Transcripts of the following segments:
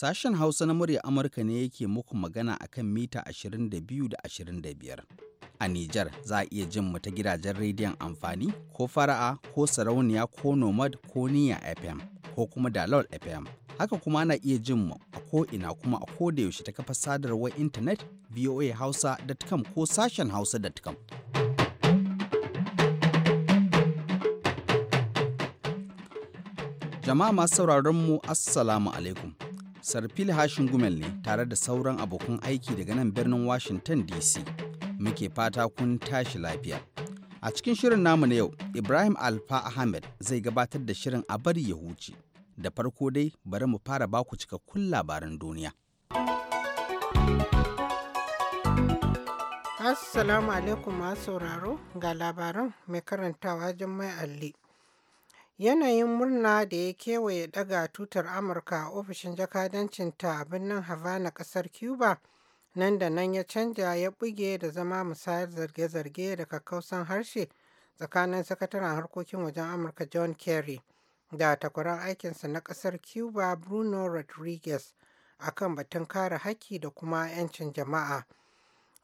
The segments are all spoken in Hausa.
Sashen Hausa na murya Amurka ne yake muku magana a kan mita 22 da 25. A Nijar za a iya jin mu ta gidajen rediyon amfani ko fara'a ko sarauniya ko nomad ko niya FM ko kuma dalol FM. Haka kuma ana iya jin mu a ko ina kuma a ko da yaushe ta kafa sadarwar intanet voahausa.com ko sashen hausa.com. Jama'a masu sauraron mu Assalamu alaikum. sarfil hashin gumel ne tare da sauran abokan aiki daga nan birnin washington dc muke fata kun tashi lafiya a cikin shirin namu na yau ibrahim alfa ahmed zai gabatar da shirin a bari ya huce da farko dai bari mu fara baku cikakkun labaran duniya assalamu alaikum masu sauraro ga labaran mai karantawa jummai alli Yanayin murna da ya kewaye ɗaga tutar Amurka a ofishin jakadancinta a birnin Havana, ƙasar Cuba, nan da nan ya canja ya buge da zama musayar zarge-zarge da kakkausan harshe tsakanin Sakataren Harkokin Wajen Amurka John Kerry da takwaran aikinsa na ƙasar Cuba Bruno Rodriguez a kan batun kare haƙƙi da kuma 'yancin jama'a.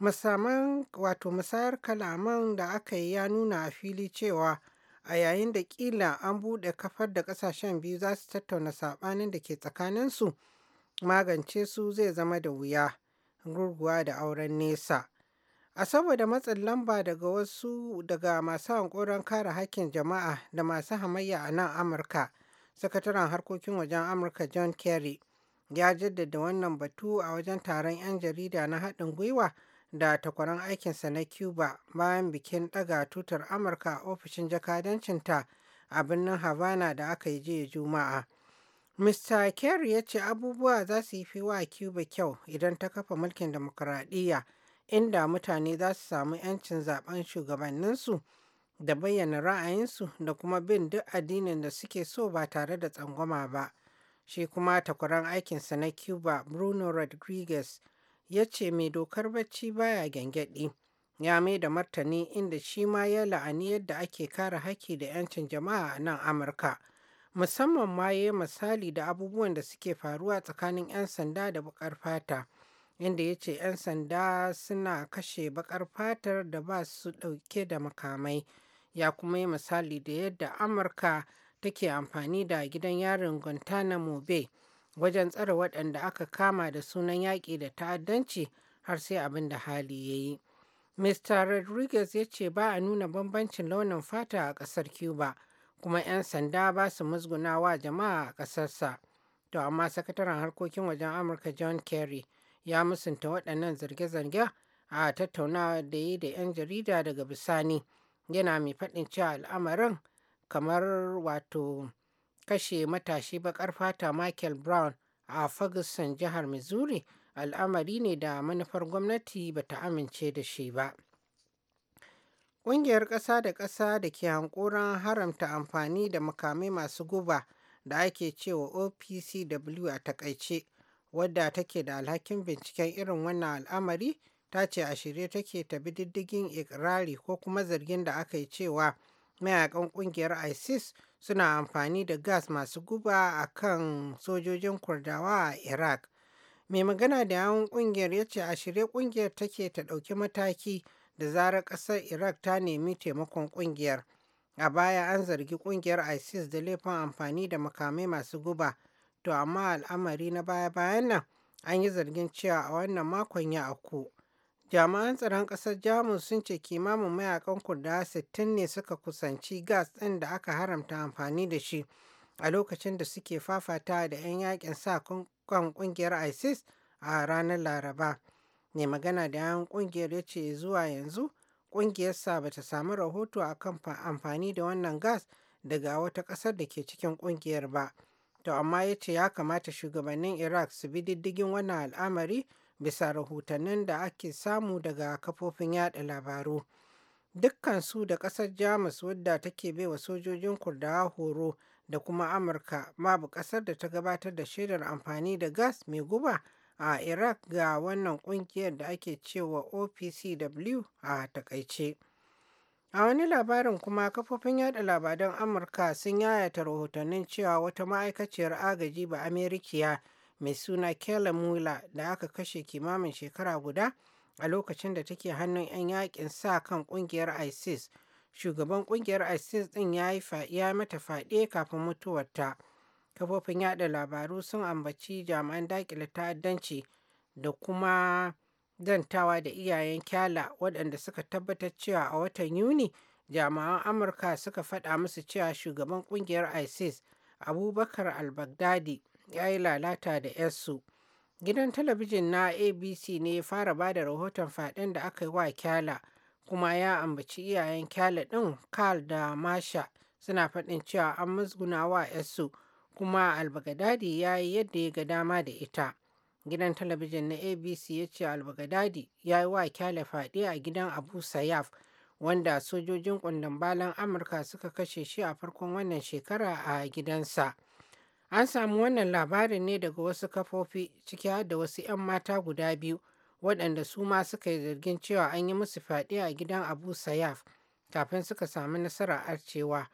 Musamman wato musayar kalaman da aka yi ya nuna a fili cewa a yayin da ƙila an buɗe kafar da ƙasashen biyu za su tattauna saɓanin da ke tsakaninsu magance su zai zama da wuya gurguwa da auren nesa a saboda matsin lamba daga wasu daga masu hankoron kare hakkin jama'a da masu hamayya a nan amurka sakataren harkokin wajen amurka john kerry ya jaddada wannan batu a wajen taron 'yan jarida na haɗin gwiwa da takwaran aikinsa na cuba bayan bikin ɗaga tutar amurka a ofishin jakadancinta a birnin havana da aka yi jiya juma'a mr kerry ya ce abubuwa za su yi fi wa cuba kyau idan ta kafa mulkin demokuraɗiyya inda mutane za su samu 'yancin zaben shugabanninsu da bayyana ra'ayinsu da kuma bin duk addinin da suke so ba tare da tsangwama ba shi kuma takwaran aikinsa na cuba bruno rodriguez ya ce mai dokar bacci baya gyangyaɗi ya mai da martani inda shi ma ya la'ani yadda ake kare haƙƙi da 'yancin jama'a a nan amurka musamman ma ya yi misali da abubuwan da suke faruwa tsakanin 'yan sanda da bakar fata inda ya ce 'yan sanda suna kashe bakar fatar da ba su ɗauke da makamai ya kuma yi misali da yadda amurka take amfani da gidan yarin guantanamo bay wajen tsare waɗanda aka kama da sunan yaƙi da ta'addanci har sai abin da hali ya yi. Mr. Rodriguez ya ce ba a nuna bambancin launin fata a ƙasar Cuba, kuma 'yan sanda ba su musgunawa jama'a a ƙasarsa. To amma sakataren harkokin wajen Amurka John Kerry ya musunta waɗannan zarge-zarge a tattaunawa da yi da 'yan jarida daga bisani yana mai faɗin cewa al'amarin kamar wato kashe matashi bakar fata Michael Brown a Ferguson jihar Missouri al'amari ne da manufar gwamnati bata amince da shi ba. Ƙungiyar ƙasa da ƙasa da ke hankoran haramta amfani da makamai masu guba da ake cewa OPCW a takaice, wadda take da alhakin binciken irin wannan al'amari, ta ce a shirye take ta bi diddigin ikirari ko kuma zargin da aka yi cewa mayakan ƙungiyar ISIS suna amfani da gas masu guba a kan sojojin kurdawa a iraq mai magana da yawon kungiyar ya ce a shirye kungiyar take ta ɗauki mataki da zarar ƙasar iraq ta nemi taimakon kungiyar a baya an zargi kungiyar isis da laifin amfani da makamai masu guba to amma al'amari na baya-bayan nan an yi zargin cewa a wannan makon ya aku. Jami'an tsaron ƙasar Jamus sun ce kimamin mayakan kurda 60 ne suka kusanci gas ɗin da aka haramta amfani da shi a lokacin da suke fafata da 'yan yakin sa kan ƙungiyar ISIS a ranar Laraba. Mai magana da 'yan ƙungiyar ya ce zuwa yanzu ƙungiyarsa ba ta samu rahoto a kan amfani da wannan gas daga wata ƙasar da ke cikin ƙungiyar ba. To amma ya ce ya kamata shugabannin Iraq su bi diddigin wannan al'amari bisa rahotannin da ake samu daga kafofin yada labaru dukkan su da ƙasar jamus wadda take baiwa sojojin kurda horo da kuma amurka bu ƙasar da ta gabatar da shaidar amfani da gas mai guba a iraq ga wannan ƙungiyar da ake cewa opcw a takaice a wani labarin kuma kafofin yada labaran amurka sun yayata rahotannin cewa wata ma'aikaciyar agaji ba amerikiya mai suna Kela Mula da aka kashe kimamin shekara guda a lokacin da take hannun 'yan yakin sa kan kungiyar ISIS. Shugaban kungiyar ISIS din ya yi mata fade kafin mutuwarta. Kafofin yada labaru sun ambaci jami'an dakile ta'addanci da kuma dantawa da iyayen kyala waɗanda suka tabbatar cewa a watan Yuni jami'an Amurka suka faɗa musu cewa shugaban kungiyar ISIS Abubakar al-Baghdadi ya yi lalata da 'yarsu. Gidan talabijin na ABC ne ya fara ba da rahoton faɗin da aka yi wa Kyala, kuma ya ambaci iyayen Kyala ɗin Carl da Masha suna faɗin cewa an musguna wa 'yarsu kuma albagadadi ya yi yadda ya ga dama da ita. Gidan talabijin na ABC ya ce albagadadi ya yi wa Kyala faɗi a gidan Abu Sayyaf wanda sojojin balan Amurka suka kashe shi a farkon wannan shekara a gidansa. An samu wannan labarin ne daga wasu kafofi ciki har da wasu 'yan mata guda biyu waɗanda su ma suka yi zargin cewa an yi musu fyaɗe a gidan Abu Sayyaf kafin suka samu nasara arcewa.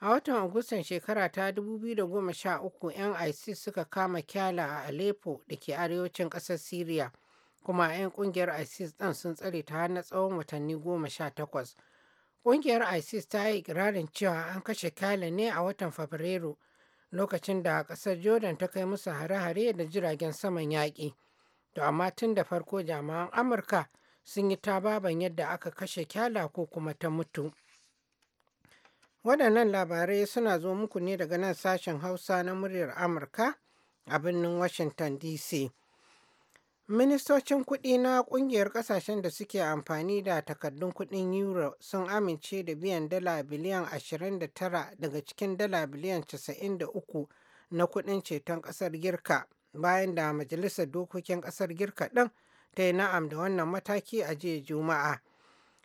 A watan Agustan shekara ta 2013 'yan ISIS suka kama Kyala a Aleppo da ke arewacin ƙasar Siriya kuma 'yan ƙungiyar ISIS ɗin sun tsare ta har na tsawon watanni goma sha takwas. Ƙungiyar ISIS ta yi ikirarin cewa an kashe Kyala ne a watan Fabrairu lokacin da a ƙasar jordan ta kai musu hare-hare da jiragen saman yaƙi to amma tun da farko jami'an amurka sun yi ta baban yadda aka kashe kyala ko kuma ta mutu waɗannan labarai suna zo muku ne daga nan sashen hausa na muryar amurka a birnin washington dc Ministocin kuɗi na ƙungiyar ƙasashen da suke amfani da takardun kuɗin Euro sun amince da biyan dala biliyan 29 daga cikin dala biliyan 93 na kuɗin ceton ƙasar Girka bayan da Majalisar Dokokin ƙasar Girka ɗin ta yi na'am da wannan mataki a jiya Juma'a.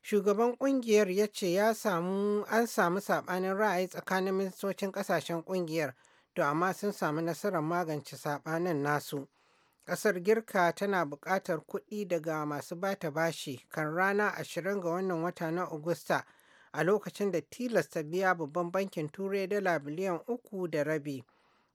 Shugaban ƙungiyar ya ce ya samu an samu saɓanin ra'ayi tsakanin ministocin ƙasashen ƙungiyar to amma sun samu nasarar magance saɓanin nasu. Ƙasar Girka tana buƙatar kuɗi daga masu bata bashi kan rana 20 ga wannan wata na Agusta a lokacin da tilasta biya babban bankin Turai dala biliyan uku da rabi.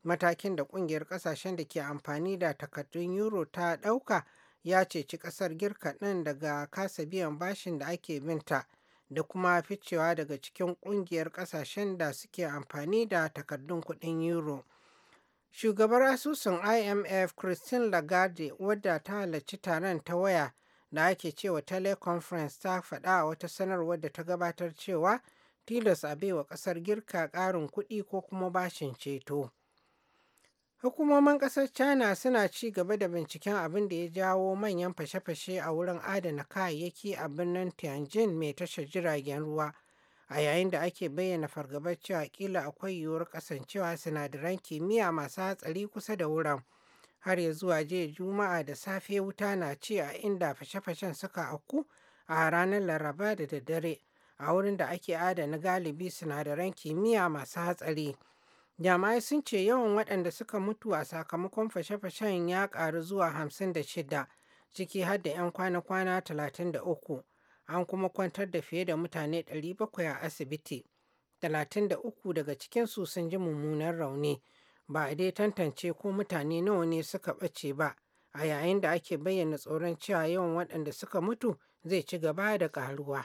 Matakin da ƙungiyar ƙasashen da ke amfani da takardun euro ta ɗauka ya ceci ƙasar Girka ɗin daga kasa biyan bashin da ake binta da kuma ficewa daga cikin ƙungiyar ƙasashen da suke amfani da takardun kuɗin euro. Shugabar asusun IMF Christine Lagarde wadda ta halarci taron ta waya da ake cewa teleconference ta faɗa a wata sanarwar da ta gabatar cewa tilas a baiwa ƙasar Girka ƙarin kuɗi ko kuma bashin ceto. Hukumomin ƙasar China suna ci gaba da binciken abin da ya jawo manyan fashe-fashe a wurin adana kayayyaki a birnin Tianjin mai tashar jiragen ruwa. a yayin da ake bayyana fargabar cewa kila akwai yiwuwar kasancewa sinadaran kimiyya masu hatsari kusa da wuran har ya zuwa jiya juma'a da safe wuta na ce a inda fashe-fashen suka auku a ranar laraba da daddare a wurin da ake adana galibi sinadaran kimiyya masu hatsari jama'ai sun ce yawan waɗanda suka mutu a sakamakon fashe-fashen ya ƙaru zuwa hamsin da shida, ciki har da 'yan kwana-kwana talatin da uku. an kuma kwantar da fiye da mutane 700 a asibiti 33 daga cikinsu sun ji mummunan rauni ba a dai tantance ko mutane nawa ne suka ɓace ba a yayin da ake bayyana tsoron cewa yawan waɗanda suka mutu zai ci gaba da ƙaruwa.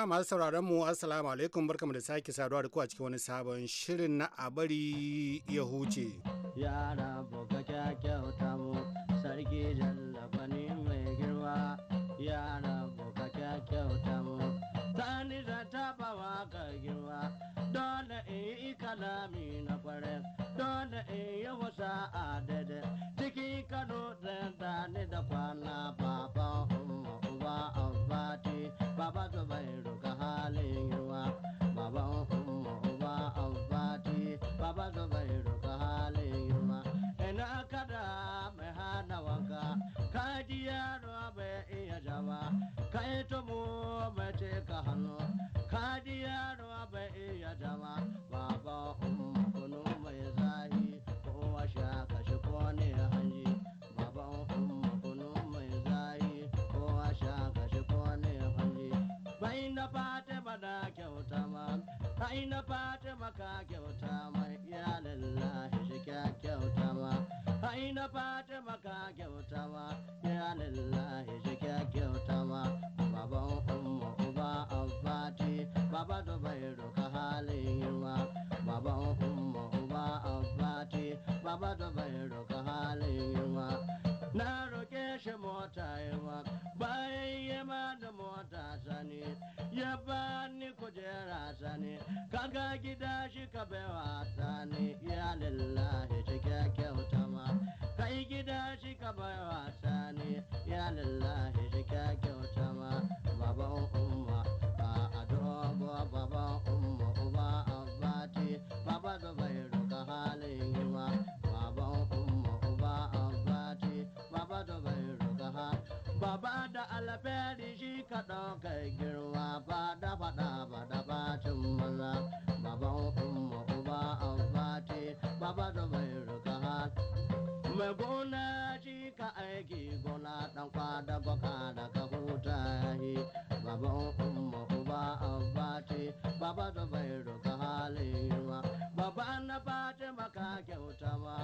Jama'a masu sauraron mu Assalamu alaikum barkamu da sake saduwa da ku a cikin wani sabon shirin na a ya huce. Yara boka kyauta mu sarki jallaba ni mai girma yara boka kyauta mu tani da tabawa ka girma dole in yi kalami na kware dole in yi wasa a daidai ciki kano da tani da kwana baba. baba bai roka halin yunwa baba ina fatima fata kyau kujera sani kaga gida shi ka baiwa sani ya lillahi cike kyauta ma kai gida shi ka baiwa sani ya lillahi cike kyauta ma baban umma a adobo baban umma uba abati baba zubairu ba da alfahari shi ka dauka girma ba da faɗa ba da bacin maza baban umma uba amfati baba da mai ruka mai gona shi ka aiki gona dan kwada baka da ka huta yi baban umma uba amfati baba da mai ruka halin girma baba na fatima ka kyauta ma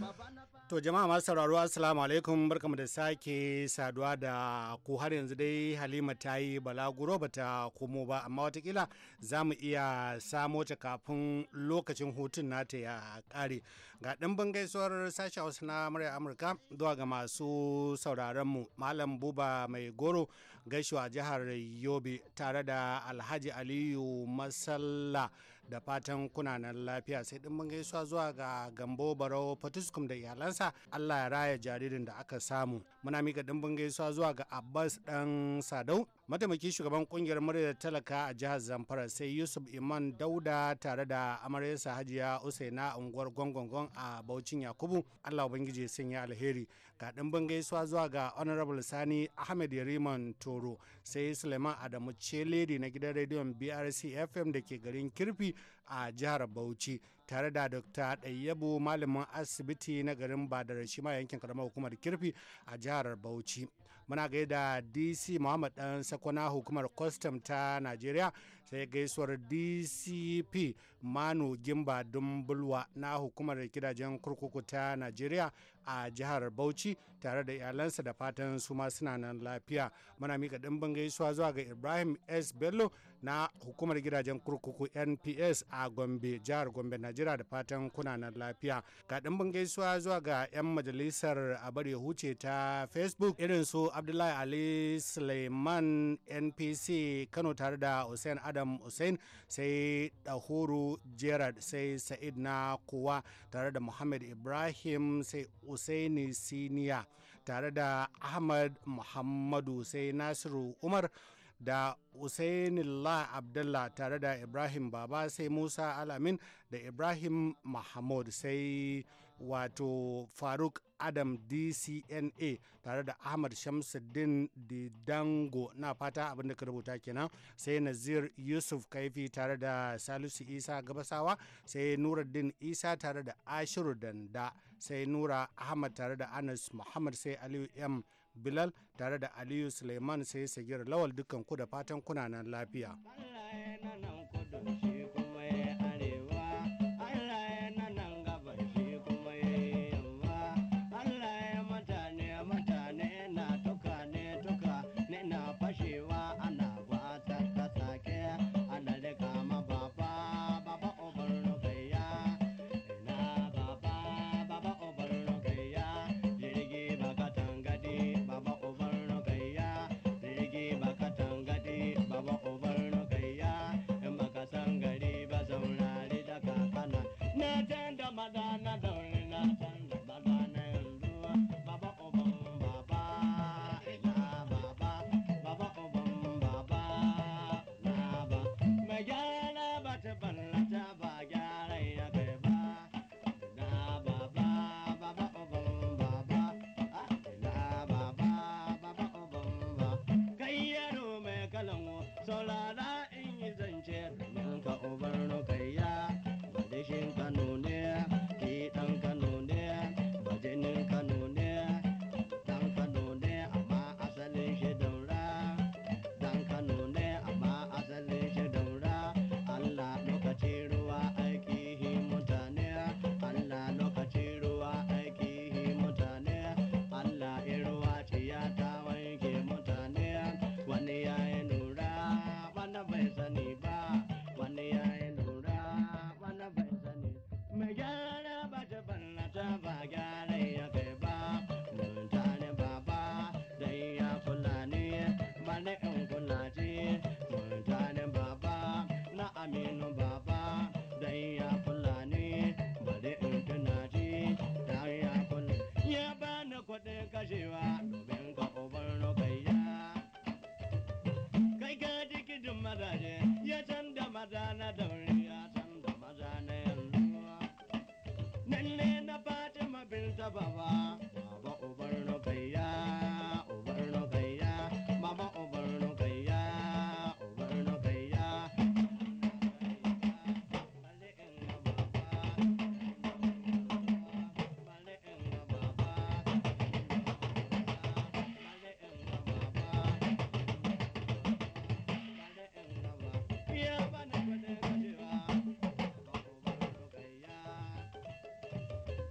baba na To jama'a masu sauraro assalamu alaikum barkamu da sake saduwa da ku har yanzu dai Halima ta yi balaguro ba ta komo ba amma watakila za mu iya samo ta kafin lokacin hutun nata ya kare ga ɗimbin gaisuwar sashi hausa na murya Amurka zuwa ga masu sauraron mu Malam Buba Mai Goro gaishewa jihar Yobe tare da Alhaji Aliyu Masalla da fatan kuna nan lafiya sai mun gaisuwa zuwa ga gambo barau fatuskum da iyalansa allah ya raya jaririn da aka samu muna mika dimbin gaisuwa zuwa ga abbas dan sadau mataimakin shugaban kungiyar murya talaka a jihar zamfara sai yusuf iman dauda tare da amaryarsa hajiya usaina unguwar gongongon a baucin yakubu allah bangiji sun yi alheri ga ɗimbin gaisuwa zuwa ga honorable sani ahmed yariman toro sai suleiman adamu ce lady na gidan rediyon brc fm da ke garin kirfi a jihar Bauchi tare da Dr. Ɗayyabu malamin asibiti na garin Badar shi yankin karamar hukumar Kirfi a jihar Bauchi. Muna gaida DC Muhammad Dan Sakwana hukumar Custom ta Najeriya sai gaisuwar DCP Manu Gimba Dumbulwa na hukumar gidajen kurkuku ta Najeriya a jihar Bauchi tare da iyalansa da fatan su ma suna nan lafiya. Muna mika dimbin gaisuwa zuwa ga Ibrahim S. Bello na hukumar gidajen kurkuku nps a gombe jihar gombe najira da fatan kunanan lafiya ga ɗimbin gaisuwa zuwa ga 'yan majalisar abar ya huce ta facebook irin su abdullahi ali suleiman npc kano tare da hussein adam hussein sai dahuru gerard sai sa'id na kowa tare da muhammad ibrahim sai usaini siniya tare da ahmad muhammadu sai nasiru umar da Usainullah Abdullah tare da Ibrahim Baba sai Musa Alamin da Ibrahim Mahmud sai wato Faruk Adam DCNA tare da Ahmad Shamsuddin Didango na fata abin da ka rubuta kenan sai Nazir Yusuf Kaifi tare da Salisu Isa Gabasawa sai Nuruddin Isa tare da Ashiru Danda sai Nura Ahmad tare da Anas Muhammad sai Aliyu M bilal tare da aliyu suleiman sai sagir lawal dukkan ku da fatan kuna nan lafiya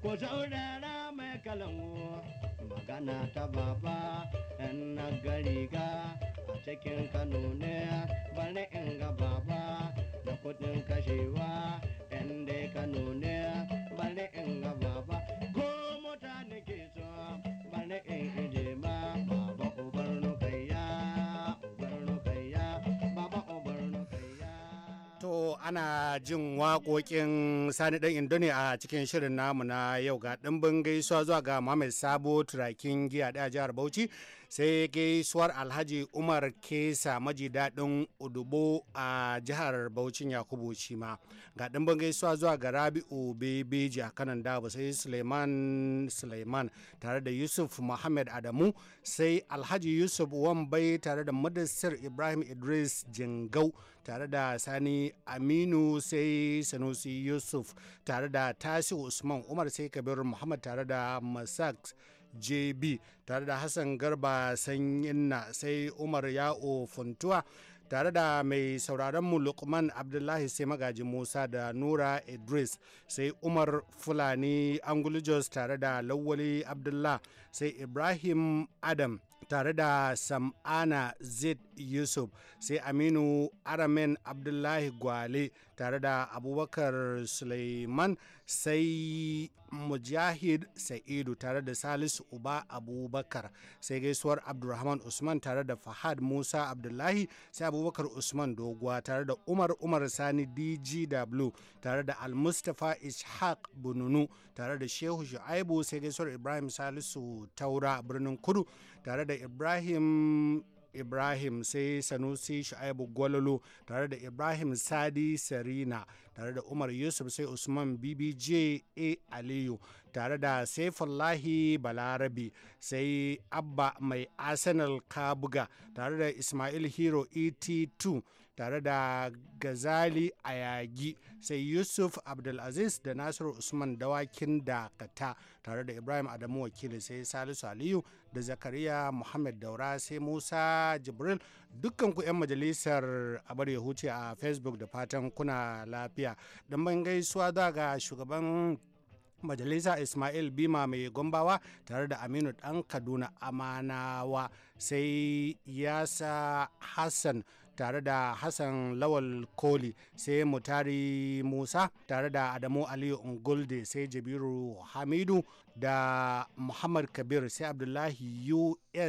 ko saurara mai kalamu. magana ta baba yan nagariga a cikin kano ne in ga baba da kudin kashewa ana jin waƙoƙin Sani ɗan indoni a cikin shirin namu na yau ga ɗimbin gaisuwa zuwa ga Mohammed Sabo turakin giya ɗaya jihar Bauchi sai gaisuwar Alhaji Umar Kesa maji daɗin Udubo a jihar Bauchin Yakubu Shima ga ɗimbin gaisuwa zuwa ga Rabi'u Bebeji a kanan dabu sai Suleiman Suleiman tare da Yusuf muhammad Adamu sai Alhaji Yusuf Wambai tare da Madassir Ibrahim Idris Jingau. tare da sani aminu sai sanusi yusuf tare da tasi usman umar sai kabir muhammad tare da masak jb tare da hassan garba sanyinna sai umar ya'o funtuwa tare da mai mu lukman abdullahi sai magajin musa da nura idris sai umar fulani angulijos tare da lawali abdullah sai ibrahim adam tare da sam'ana zid yusuf sai aminu aramen abdullahi gwale tare da abubakar suleiman sai mujahid sa'idu tare da salisu uba abubakar sai gaisuwar abdulrahman usman tare da fahad musa abdullahi sai abubakar usman doguwa tare da umar umar sani dgw tare da almustapha ishaq bununu tare da shehu shu'aibu sai gaisuwar ibrahim salisu taura birnin kudu tare da ibrahim ibrahim sai sanusi shu'aibu gwalolo tare da ibrahim sadi sarina tare da umar yusuf sai usman bbj a aliyu tare da saifullahi balarabi sai abba mai arsenal kabuga tare da ismail hero et2 tare da Gazali a yagi sai Yusuf Abdulaziz da Nasiru Usman Dawakin Dakata tare da Ibrahim Adamu Wakili sai Salisu Aliyu da Zakariya Muhammad Daura sai Musa Jibril dukkan ku 'yan majalisar abar ya huce a Facebook da fatan kuna lafiya. don ban gaisuwa ga shugaban majalisa ismail bima mai gombawa tare da aminu dan kaduna amanawa sai yasa hassan tare da hassan lawal koli sai mutari musa tare da adamu aliyu ungulde sai jabiru hamidu da muhammad kabir sai abdullahi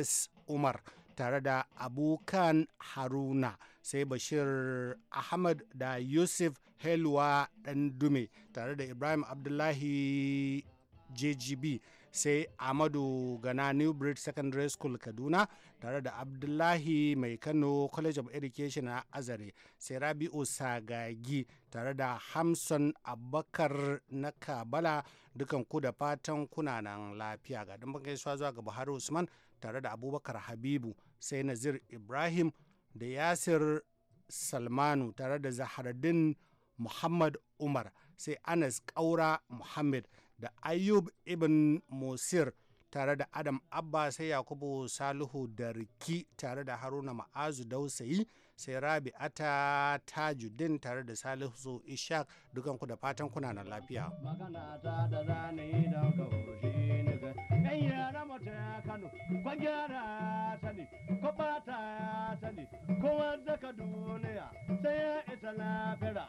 us umar tare da abukan haruna sai bashir ahmad da yusuf helwa dume tare da ibrahim abdullahi jgb sai amadu gana new bridge secondary school kaduna tare da abdullahi mai kano college of education a azare sai rabi'u sagagi tare da hamson abakar na kabala dukan ku da fatan kuna nan lafiya ga bakai gaisuwa zuwa ga buhari usman tare da abubakar habibu sai nazir ibrahim da yasir salmanu tare da zahardin muhammad umar sai anas kaura muhammad da ayub ibn musir tare da adam abba sai yakubu salihu da riki tare da haruna ma'azu dausayi sai rabi'ata tajuddin tare da salihu ishaq dukan ku da fatan kuna na lafiya magana ta da zane da gaushe ne ga yara mata kano ko gyara ta ne ko bata ta ne ko wanda ka duniya sai ya isa lafira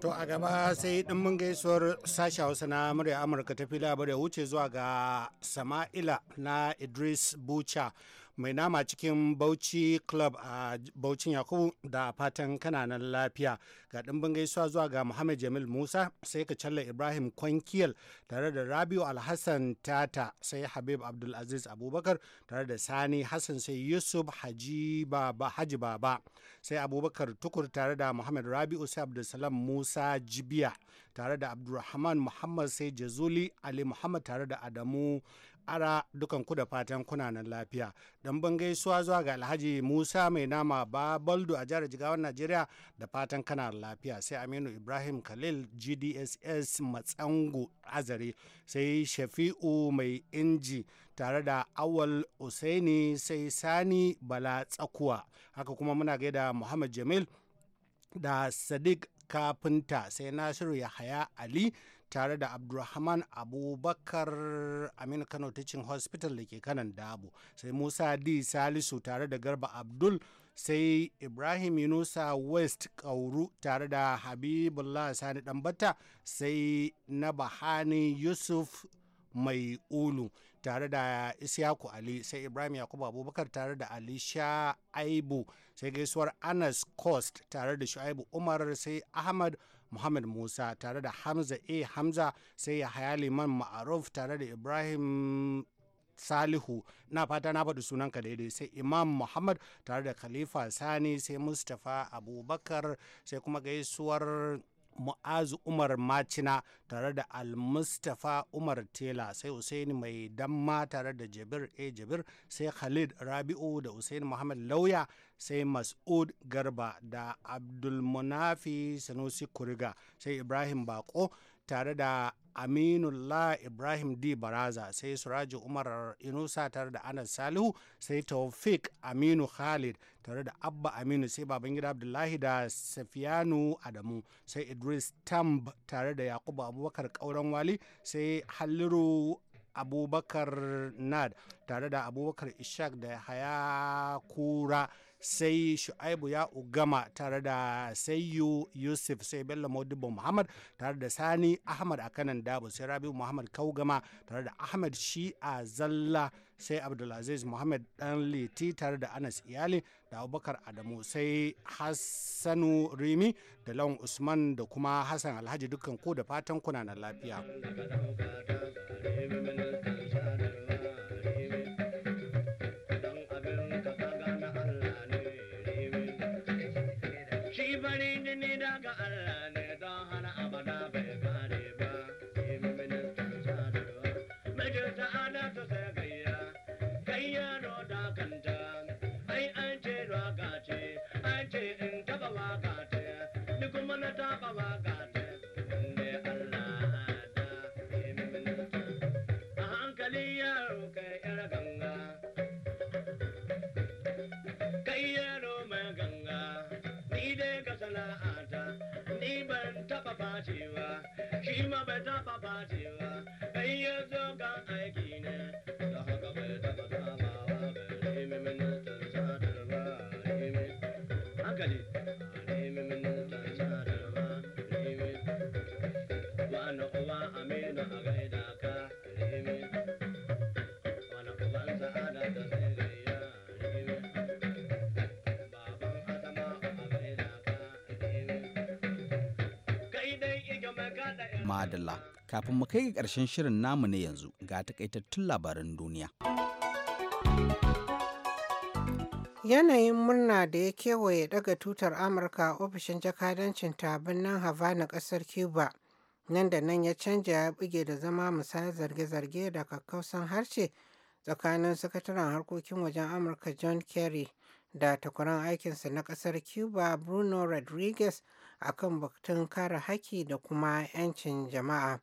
To a gaba sai mun gaisuwar sashen Hausa na murya Amurka ta fi labar wuce zuwa ga Sama'ila na Idris Bucha mai nama cikin Bauchi Club a baucin Yakubu da fatan kananan lafiya. Ga dimbin gaisuwa zuwa ga Muhammad Jamil Musa sai ka challa Ibrahim kwankiyar tare da Rabiu Alhassan Tata sai Habib Abdulaziz Abubakar tare da Sani Hassan sai Yusuf Haji Baba Haji Baba sai Abubakar Tukur tare da Muhammad Rabiu sai Abdulsalam Musa Jibiya tare da Abdulrahman Muhammad sai Jazuli Ali Muhammad tare da Adamu ara dukan ku da fatan kuna nan lafiya don ban gaisuwa zuwa ga alhaji musa mai nama ba baldu a jihar jigawar najeriya da fatan kana lafiya sai aminu ibrahim khalil gdss matsangu azare sai shafi'u mai inji tare da awal usaini sai sani bala tsakuwa haka kuma muna gaida muhammad jamil da sadiq kafinta sai nasiru yahaya ali tare da abdulrahman abubakar aminu kano teaching hospital da ke kanan dabu sai musa d salisu tare da garba abdul sai ibrahim yunusa west kauru tare da habibullah sani dambata sai na bahani yusuf mai ulu tare da isyaku ali sai ibrahim yakubu abubakar tare da ali sha'aibu sai gaisuwar anas cost tare da shu'aibu umar sai ahmad muhammad musa tare da hamza a hamza sai ya haya liman ma'aruf tare da ibrahim salihu na fata na faɗi sunanka daidai sai imam muhammad tare da khalifa sani sai mustapha abubakar sai kuma gaisuwar mu'azu umar macina tare da almustafa umar tela sai usaini mai damma tare da jabir a eh, jabir sai khalid rabi'u da usaini muhammad lauya sai mas'ud garba da abdulmunafi sanusi kuriga sai ibrahim bako tare da aminullah ibrahim d baraza sai suraji umar inusa tare da anas salihu sai taufik aminu khalid tare da abba aminu sai babangida abdullahi da safiyanu adamu sai idris tamb tare da yakubu abubakar kauran wali sai halliru abubakar nad tare da abubakar ishak da hayakura sai shu'aibu ya ugama tare da sayu yusuf sai bello modibo muhammad tare da sani ahmad akanan dabo sai rabiu muhammad kaugama tare da ahmad a zalla sai abdulaziz muhammad dan liti tare da anas iyali da abubakar adamu sai hassanu rimi da lawan usman da kuma hassan alhaji dukkan ku da fatan kuna na lafiya madalla kafin mu kai ga ƙarshen shirin namu na yanzu ga takaitattun labaran duniya. Yanayin murna da ya kewaye daga tutar Amurka ofishin jakadancin ta hava Havana ƙasar Cuba nan da nan ya canja ya buge da zama misali zarge-zarge da kakkausan harshe tsakanin sakataren harkokin wajen Amurka John Kerry da takwaran aikinsa na ƙasar Cuba Bruno Rodriguez akan batun kare haƙƙi da kuma 'yancin jama'a.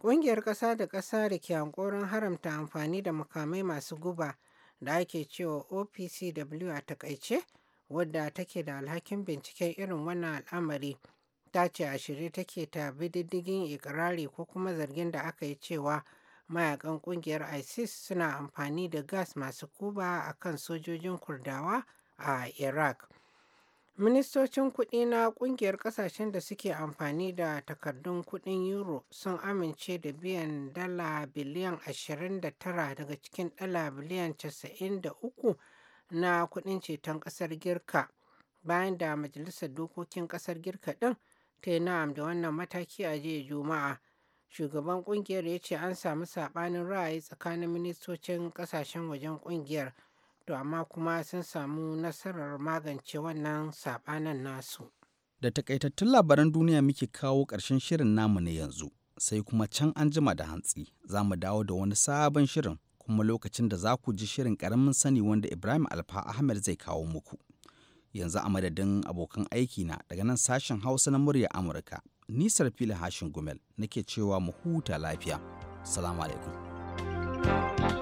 Ƙungiyar ƙasa da ƙasa da ke hankorin haramta amfani da makamai masu guba da ake cewa OPCW a takaice, wadda take da alhakin binciken irin wannan al'amari, ta ce a shirye take ta bi diddigin ikirari ko kuma zargin da aka yi cewa mayakan ƙungiyar ISIS suna amfani da gas masu guba a kan sojojin Kurdawa a Iraq. Ministocin kuɗi na ƙungiyar ƙasashen da suke amfani da takardun kuɗin Euro sun amince da biyan dala biliyan 29 daga cikin dala biliyan 93 na kuɗin ceton ƙasar Girka bayan da Majalisar Dokokin ƙasar Girka ɗin ta yi na'am da wannan mataki a jiya Juma'a. Shugaban ƙungiyar ya ce an samu saɓanin ra'ayi tsakanin ministocin ƙasashen wajen ƙungiyar. to amma kuma sun samu nasarar magance wannan sabanan nasu. Da takaitattun labaran duniya muke kawo ƙarshen shirin namu na yanzu, sai kuma can an jima da hantsi za mu dawo da wani sabon shirin kuma lokacin da za ku ji shirin ƙaramin sani wanda Ibrahim Alfa Ahmed zai kawo muku. Yanzu a madadin abokan aiki na daga nan sashen Hausa na murya Amurka, nisar fili hashin gumel nake cewa mu huta lafiya. Salamu alaikum.